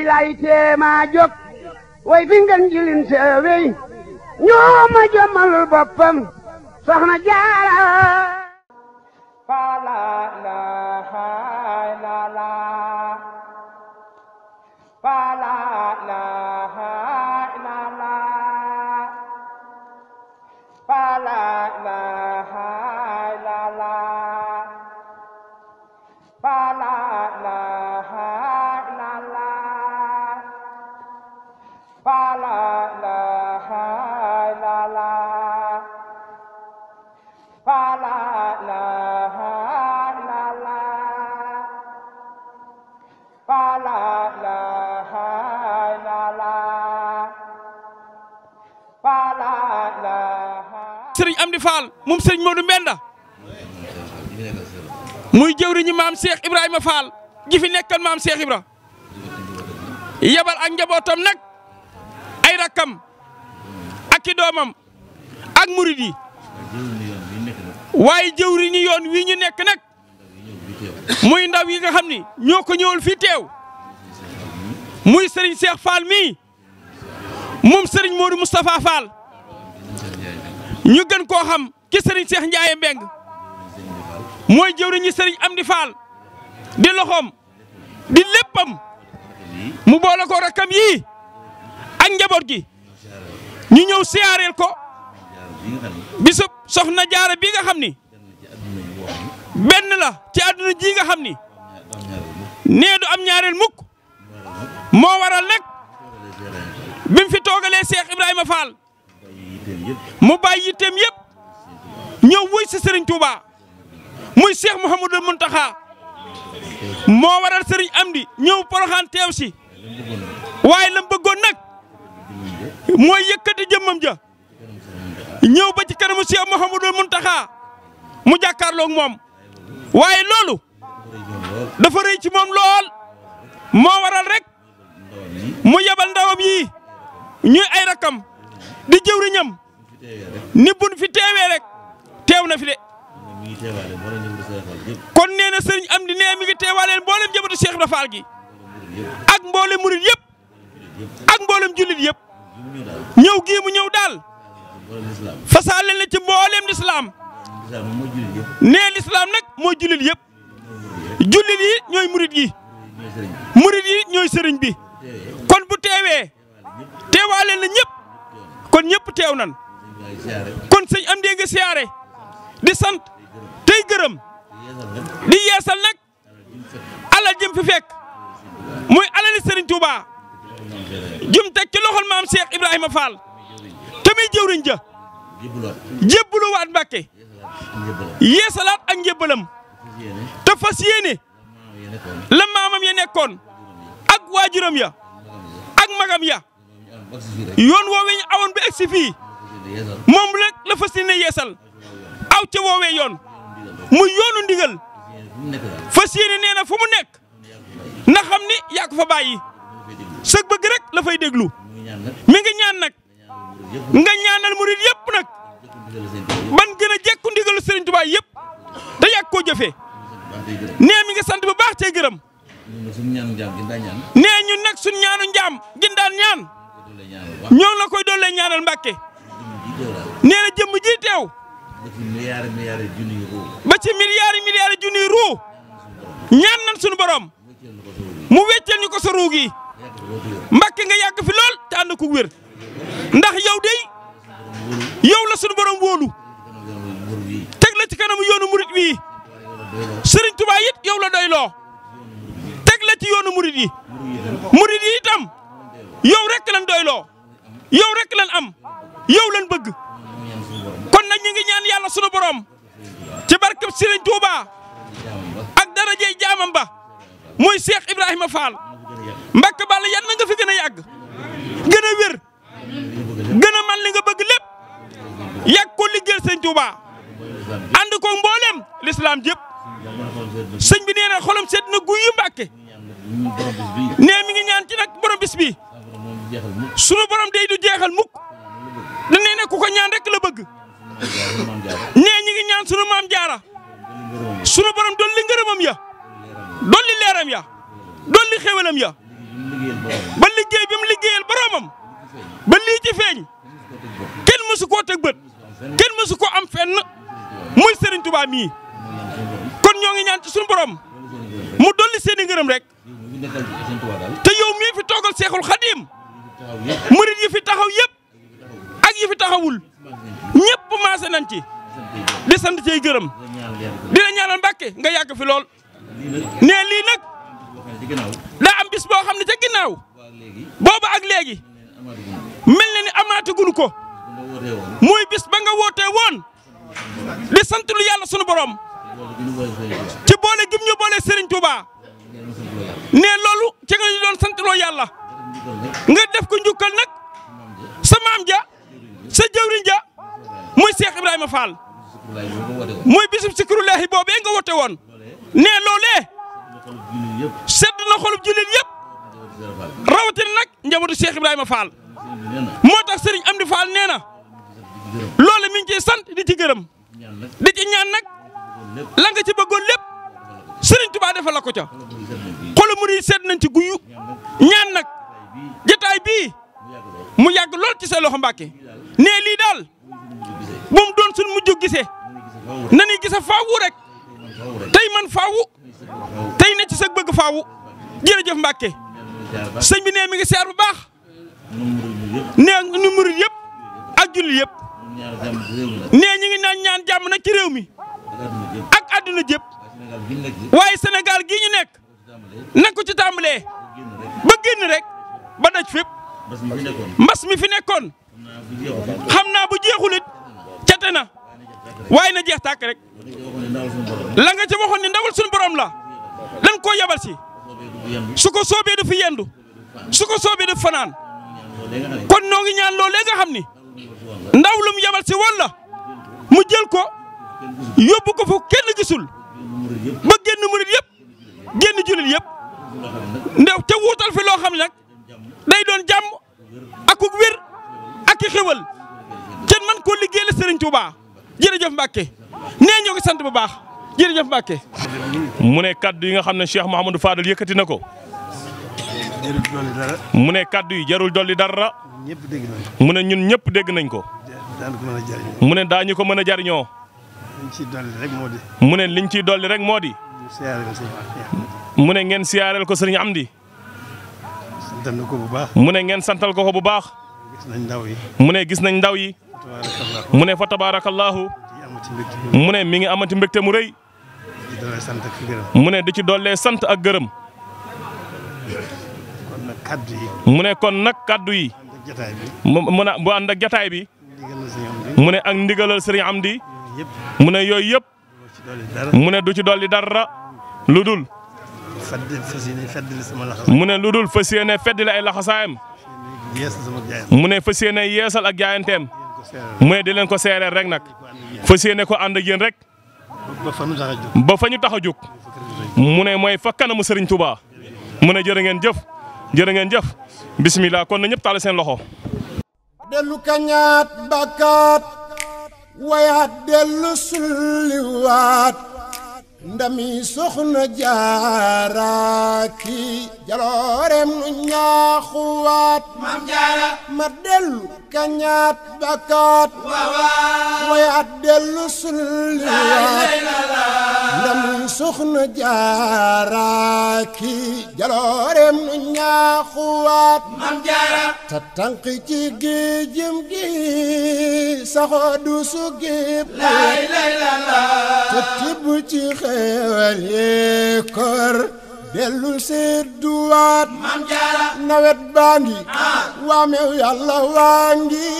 lay teema jóg way fi ngeen jilin seewey ñoo ma jëmalul boppam soxna jaara sëriñ Amdi Fall moom sëriñ Modou Mbenda muy jëwriñu maam Cheikh Ibrahima Fall ji fi nekkal maam Cheikh Ibra yebal ak njabootam nag ay rakkam ak doomam ak murid waaye jëwriñu yoon wi ñu nekk nag muy ndaw yi nga xam ni ñoo ko ñëwul fii teew muy sëriñ Cheikh Fall mii moom sëriñ Modou Moustapha Fall. ñu gën koo xam ci sëriñ Cheikh Ndiaye Mbengue mooy jëwriñu sëriñ Amdi Fall di loxoom di léppam mu boole ko rakkam yii ak njaboot gi ñu ñëw siyaareel ko bisub soxna jaara bi nga xam ni benn la ci àdduna ji nga xam ni nee du am ñaareel mukk moo waral nag bi mu fi toogalee Cheikh Ibrahima Fall mu bàyyi yitteem yëpp ñëw wuy si Serigne Touba muy Cheikh Mouhamadul Mountakha moo waral am Amdi ñëw Porokhane teew si waaye lam bëggoon nag mooy yëkkati jëmmam ja ñëw ba ci kanamu Cheikh Mouhamadul Mountakha mu jàkkaarloog moom waaye loolu dafa rëy ci moom lool moo waral rek mu yebal ndawam yii ñuy ay rakam di jëwriñam ni fi teewee rek teew na fi de. kon nee na sëriñ am di nee mi ngi teewaaleen mboolem njabootu Cheikh Ibra Fall gi ak mboolem murit yëpp ak mboolem jullit yëpp ñëw gii mu ñëw daal fasaa leen la ci mboolem lislaam nee lislaam nag mooy jullit yëpp jullit yi ñooy murit yi murit yi ñooy sëriñ bi kon bu teewee teewaaleen na ñëpp kon ñëpp teew nan kon sëñ am dee nga siyaare di sant tey gërëm di yeesal nag alal jëm fi muy alali Serigne Touba jum teg loxol maam Cheikh Ibrahima Fall te muy jëwriñ ja jébbaluwaat Mbàkke yeesalaat ak njébbalam te fas yéene la ya nekkoon ak waajuram ya ak magam ya yoon woowee ñu awoon ba egsi fii moom rek la fas yéene yeesal aw ca woowee yoon mu yoonu ndigal fas yéene nee na fu mu nekk na xam ni yaa ko fa bàyyi sëg bëgg rek la fay déglu mi ngi ñaan nag nga ñaanal murid yëpp nag ban gën a jekku ndigalu Serigne Touba yëpp te yàgg koo jëfee nee mi ngi sant bu baax cee gërëm nee ñun nag suñ ñaanu njaam gin ñaan ñoo la koy doole ñaanal Mbàkke nee na jëmm ji teew. ba ci milliards milliards junniy ruu. ba ci milliards milliards junniy ñaan nañ suñu mu wéccel ñu ko sa ruu nga yàgg fi lool te ànd ko wér. ndax yow dey yow la suñu borom teg la ci kanamu yoonu murit wii. Serigne Touba it yow la doy loo. teg la ci yoonu murit yi. murit yi itam yow rek lan doy loo. yow rek lan am yow lan bëgg. ñaan yàlla sunu borom ci barkeb Serigne Touba ak darajey jaamam ba muy Cheikh Ibrahima Fall Mbacke Balla yan na nga fi gën a yàgg gën a wér gën a man li nga bëgg lépp yàgg ko liggéeyal Serigne Touba ànd ko mboolem lislaam jëpp sëñ bi nee na xolam sedd na guy yu nee mi ngi ñaan ci nag borom bis bi borom day du jeexal mukk dañ ne ku ko ñaan rek la bëgg. nee ñi ngi ñaan sunu maam jaara sunu dolli ngërëmam ya dolli leeram ya dolli xéwalam ya ba liggéey bi mu liggéeyal boromam ba lii ci feeñ kenn mësu koo teg bët kenn mësu am fenn muy Serigne Touba mii kon ñoo ngi ñaan ci sunu borom mu dolli seeni rek te yow mii fi toogal Seexul Xadiim murit yi fi taxaw yëpp ak yi fi taxawul ñëpp maase nañ ci di sant cey gërëm di la ñaanal Mbàkke nga yàgg fi lool ne lii nag daa am bis boo xam ne ca ginnaaw booba ak léegi mel na ni amaatagunu ko muy bis ba nga wootee woon di sant lu yàlla sunu borom ci boole gim ñu boole Serigne Touba ne loolu ci nga ñu doon sant loo yàlla nga def ko njukkal nag sa maam ja sa jawriñ ja muy Cheikh Ibrahima Fall muy bisub sikrullahi boobee nga wote woon ne loolee sedd na xolub jullit yëpp rawatina nag njabootu Cheikh Ibrahima Fall moo tax Serigne Amdi Fall nee na loole mi ngi ciy sant di ci gërëm di ci ñaan nag la nga ci bëggoon lépp Serigne Touba defal la ko ca xolu murid sedd nañ ci guyu ñaan nag jotaay bii mu yàgg lool ci sa loxo nee lii daal. bu mu doon suñ mujj gisee na ñuy gisa faawu rek tey man faawu tey ne ci sa bëgg faawu jërëjëf Mbàkke sëñ bi nee mi seer bu baax nee nu murit yëpp ak jullit yëpp nee ñu ngi naan ñaan jàmm nag ci réew mi ak àdduna jëpp waaye senegal gii ñu nekk nag ko ci tàmbalee ba génn rek ba daj fépp mbas mi fi nekkoon xam naa bu jeexulit cate na waaye na jeex tàkk rek la nga ca waxoon ni ndawal suñu borom la lan koo yabal si su ko soobee du fi yendu su ko soobee du fanaan kon noo ngi ñaan loolee nga xam ni ndaw yabal si woon la mu jël ko yóbbu ko fu kenn gisul ba génn murit yëpp génn julit yëpp ndew te wuutal fi loo xam ne nag day doon jàmm akuk wér ak i xéwal ko liggéey la Serigne Touba jërëjëf Mbacke sant bu baax jërëjëf Mbacke. mu ne kaddu yi nga xam ne Cheikh Mouhamadou Fadal yëkkati na ko. mu ne kaddu yi jarul dolli dara. mu ne ñun ñëpp dégg nañ ko. mu ne daañu ko mën a jariñoo. mu ne liñ ciy dolli rek moo di. mu ne ngeen siyaareel ko sëriñ Amdi. mu ne ngeen santal ko ko bu baax. mu ne gis mu ne fa tabaarakallaahu mu ne mi ngi amati mbégte mu rëy mu ne di ci dollee sant ak gërëm mu ne kon nag kaddu yi mu ne bu ànd ak jataay bi mu ne ak ndigalal sëriñ di mu ne yooyu yëpp mu ne du ci dolli dara lu dul mu ne lu dul fas yéene fedd la ay laxasaayam mu ne fas yéene yeesal ak jaayanteem mooy di leen ko seereel rek nag fas yéene ko ànd ak rek ba fa ñu tax a jóg mu ne mooy fa kanamu Serigne Touba mu ne jërë ngeen jëf jërë ngeen jëf bismillah kon na ñëpp taal seen loxo. dellu kañaat bakkaat wayaat dellu sulliwaat ndami soxna jaaraaki jaloorem nu ñaaxuwaat mam jaara ma dellu kañaat bakaat waawaa wayaat dellu sulliwaat ndami soxna jaaraaki jaloorem nu ñaaxuwaat mam jaara ta tànk ci géejëm gi saxoo du su géeb lay lay la ci xeewal yi kor dellu seet duwaat maam jaara nawet baa ngi ah. waamew yàlla waa ngi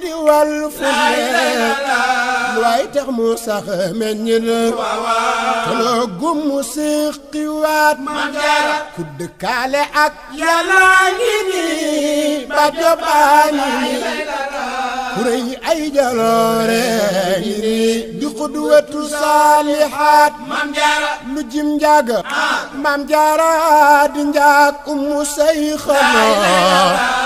di wal fu ne waay tax mu sax meññ toloo gum mu siqi waat maam jaara ku dëkkaale ak yàlla ngi ni ba jobaa ngi ku ay jaloore ngi nii di xudwatu saalihaat lu jim njaag ah. maam jaara di njaag ummu say xanaa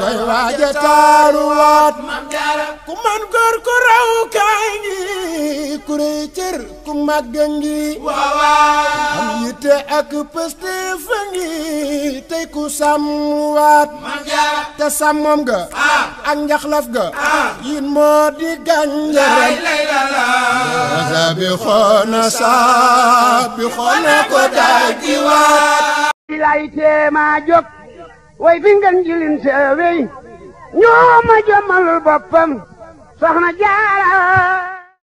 doy waaja taaru waat ku man góor ku raw kaa ngi ku rëy cër ku màgg ngi am ak pëste fa tey ku sàmm waat te sàmmam ga ak njaxlaf ga yin moo di gànjaram wasa bi xoona saa xoona ko daaj ji waat ilay tee maa jóg way fi ngeen jilin seewey ma jommalul boppam soxna jaara